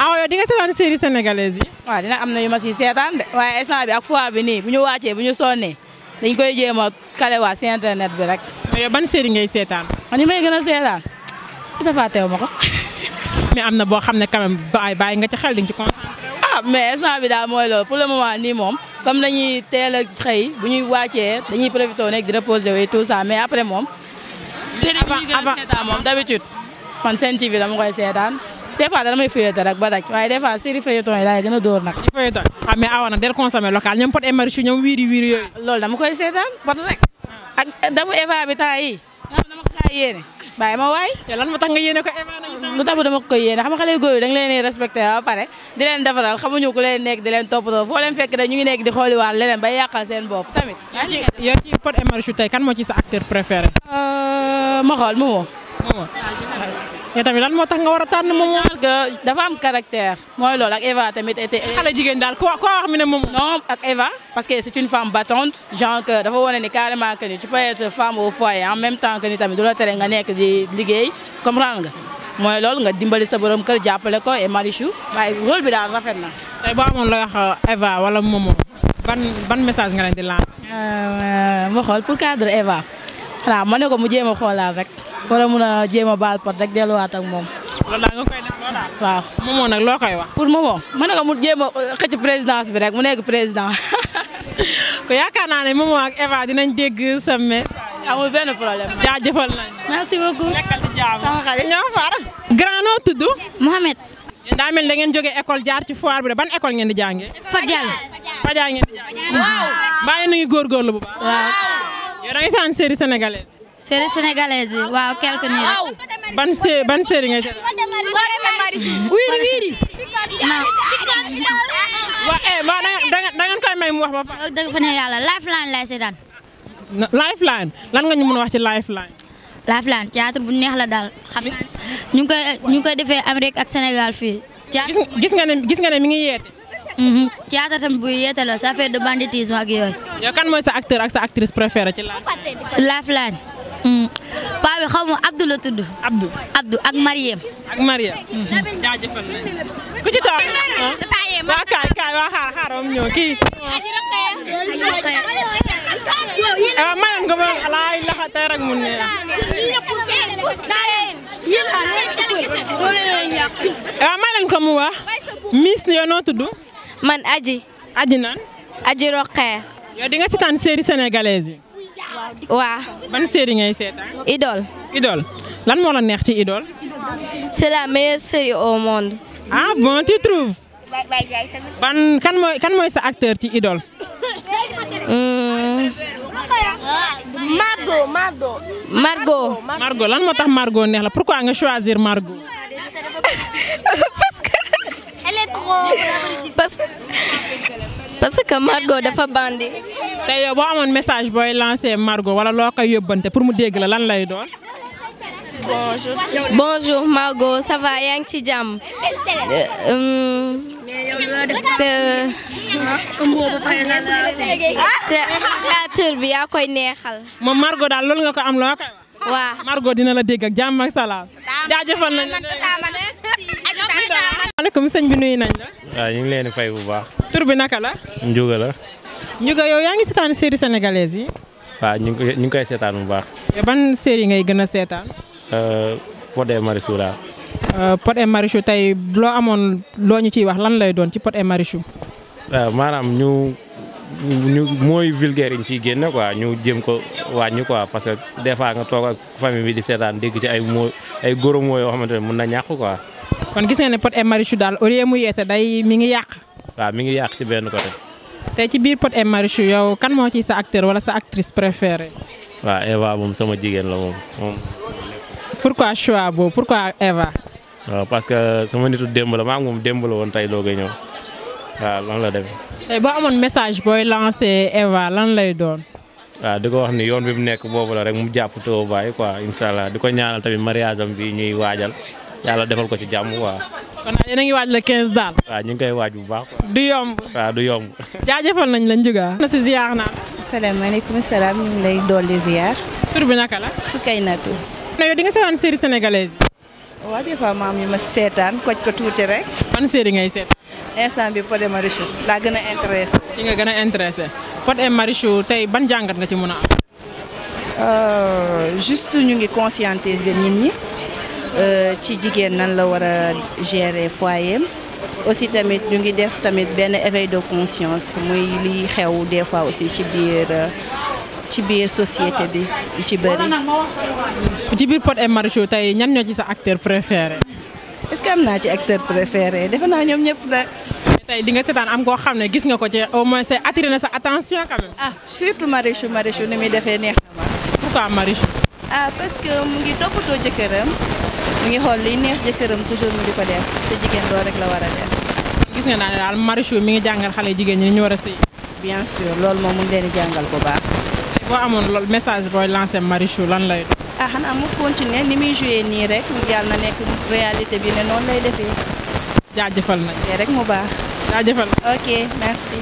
aw ah yow di nga seetaan série sénégalaise yi. waaw dina am na yu ma siy seetaan de waaye instant bi ak fois bi bu ñu wàccee bu ñu sonnee dañ koy jéem a kalewaat si internet bi rek. mais yow ban série ngay seetaan. man li may gën a seetaan sa fàttewu ma ko. mais am na boo xam ne quand même bàyyi nga ci xel di nga ci concentré ah mais instant bi daal mooy loolu pour le moment nii moom comme dañuy teel a xëy bu ñuy wàccee dañuy profité nekk di reposer wu tout ça mais après moom. série bi ñu a seetaan moom d'habitude man Sen TV dama koy seetaan. des fois damay feuilleter rek ba daj waaye des a dóor nag. feuilleton ah del consommé local ñoom pot et marichou wiiri wiiri yooyu. loolu dama koy seetaan pot dama ko kaa yéene. ma waay. te lan moo tax nga yéene ko Eva nañu lu tax dama ko koy yéene xam nga xale yu góor yi da nga leen di respecté ba pare di leen defaral xamuñu leneen kan moo acteur préféré. Euh, ma Momo. mais tamit lan motax tax nga war a tànn moom. dafa am caractère. moy lol ak Eva tamit était. xale jigen dal ko koo wax mi ne non ak Eva parce que c'est une femme battante. genre que dafa woné ni carrément que ni tu peux être femme au foyer en même temps que ni tamit dula téré nga nek di liguey comprendre nga moy lol nga dimbali sa borom keur jappalé ko et Marichou waaye rôle bi dal rafet na. tey boo amoon looy wax euh, Eva wala Momo ban ban message nga leen di lancer. euh, euh ma xol pour cadre Eva. xanaa ma ne ko mu jéem a rek war a mun a jéem a baal pot rek delluwaat ak moom. loolu daal nga Momo nag loo koy wax. pour Momo ma ne ko mu jéem a xëcc présidence bi rek mu nekk président. ko yaakaar naa ne Momo ak Eva dinañ dégg sa message. benn problème. jaajëfal nañ. merci beaucoup nekkal ci jaamu. sama xarit ñoo daa mel da ngeen jógee école jaar ci foire bi ban école ngeen di jàngee. Fadial. Fadial ngeen di jàngee. waaw. mbaa yéen a ngi série sénégalaise. série sénégalaise waaw quelque nii. ban série, ban série nga seetaan. oui. wiiri. Wa eh ma da ngeen koy may mu wax ba pare. dëgg fa ne yalla lifeline lay seetaan. lifeline lan nga ñu mëna wax ci lifeline. lifeline théâtre bu neex la dal xam ñu koy ñu koy défé Amérique ak Sénégal fi. gis nga ne gis nga ne mi ngi yeete théâtre tam buy yeete la ça fait de banditisme ak yooyu. yow kan mooy sa acteur ak sa actrice préférée ci Lifeline. ci Lifeline. paa bi xaw ma Abdou la tudd. Abdou Abdou ak Mariem. ak Mariem. jaajëfal nañu ku ci toog. waa ah Miss yow noo man aji. aji nan. aji Roqe. yow di nga seetaan série sénégalaise yi. waaw. ban série ngay seetaan. Idole. Idole lan moo la neex ci idol c'est la mais série au monde. ah bon tu trouves. ban kan mooy kan mooy sa acteur ci Idole. Hmm. Margot Margot. Margot lan moo tax Margot neex la pourquoi nga choisir margo parce que Margot dafa bandi. tey yow boo amoon message booy lancé margo wala loo koy yóbbante pour mu dégg la lan lay doon. bonjour. bonjour Margot ça yaa ngi ci jàmm. Euh, te. te créateur bi yaa koy neexal. moom margo daal loolu nga ko am loo koy wax. waaw dina la dégg ak jàmm ak salaam. jaajëfal nañu maaleykum sëñ bi nuy nañ la. waaw ñu ngi leen di fay bu baax. tur bi naka la. Ndiouga la. Ndiouga yow yaa ngi seetaan série sénégalaise yi. waaw ñu ngi koy ñu ngi koy seetaan bu baax. ban série ngay gën a seetaan. Euh, Pod et Marichou daal. Euh, Pod tey loo amoon loo ñu ciy wax lan lay doon ci Pod et Marichou. Euh, maanaam ñu ñu mooy vulgaire yi ciy génn quoi ñu jëm ko wàññi quoi parce que des fois nga toog ak famille bi di seetaan dégg ci ay moo ay góor moo yoo xamante ne mun na ñàkk quoi. kon gis nga ne pot emarichu dal daal au lieu mu yeete day mi ngi yak wa mi ngi yak ci benn côté. tey ci bir pot emarichu yow kan mo ci sa acteur wala sa actrice préférée. wa Eva mom sama jigen la mom moom. pourquoi choix bo pourquoi Eva. waaw parce que sama nitu demb la ma ngum demb la won tay do a ñew wa lan la def tay boo amone message boy lancer Eva lan lay doon. wa diko wax ni yoon bi mu nek bobu la rek mu japp to bàyyi quoi inshallah diko ñaanal tamit mariage am bi ñuy wajal yàlla defal ko ci jàmm waaw. kon naa yéen a ngi waaj la 15 daal. waaw ñu ngi koy waaj bu baax. du yomb waaw du yomb. jaajëfal nañ lañ jógaa. na si ziar naa. asalaamaaleykum salaam ñu ngi lay dolli ziar. tur bi naka la. Soukeyna Touré. na yow di nga seetaan série sénégalaise yi. waaw des fois maam yi ma seetaan koj ko tuuti rek. ban série ngay seet. instant bi Pod et Marichou laa gën a intéressé. ki nga gën a intéressé Pod tey ban jàngat nga ci mën a am. Euh, juste ñu ngi conscientiser nit ñi Euh, ci jigen nan la wara gérer foyer aussi tamit ñu ngi def tamit ben éveil de conscience muy li xew des fois aussi ci biir euh, ci biir société bi ci bari ci biir pot et Marichou tay ñan ñoo ci sa acteur préféré est-ce que am ci acteur préféré def na ñom ñep da tay di nga am ko xamné gis nga ko ci au moins c'est attirer na sa attention quand même ah surtout Marichou Marichou ni mi défé neex na ma pourquoi Marichou ah parce que mu ngi toppatoo jëkkëram mu ngi xool liy neex jëkkëram toujours mu di ko def sa jigéen loolu rek la war a def. gis nga naa ne daal Marichou mi ngi jàngal xale jigéen ñi ñu war a sëy. bien sûr loolu moom mu leen di jàngal bu baax. boo amoon lool message booy lancé Marichou lan lay doon. ah xanaa mu continuer ni muy joué nii rek yàlla na nekk réalité bi ne noonu lay defee. jaajëfal nañ. rek mu baax. jaajëfal ok merci.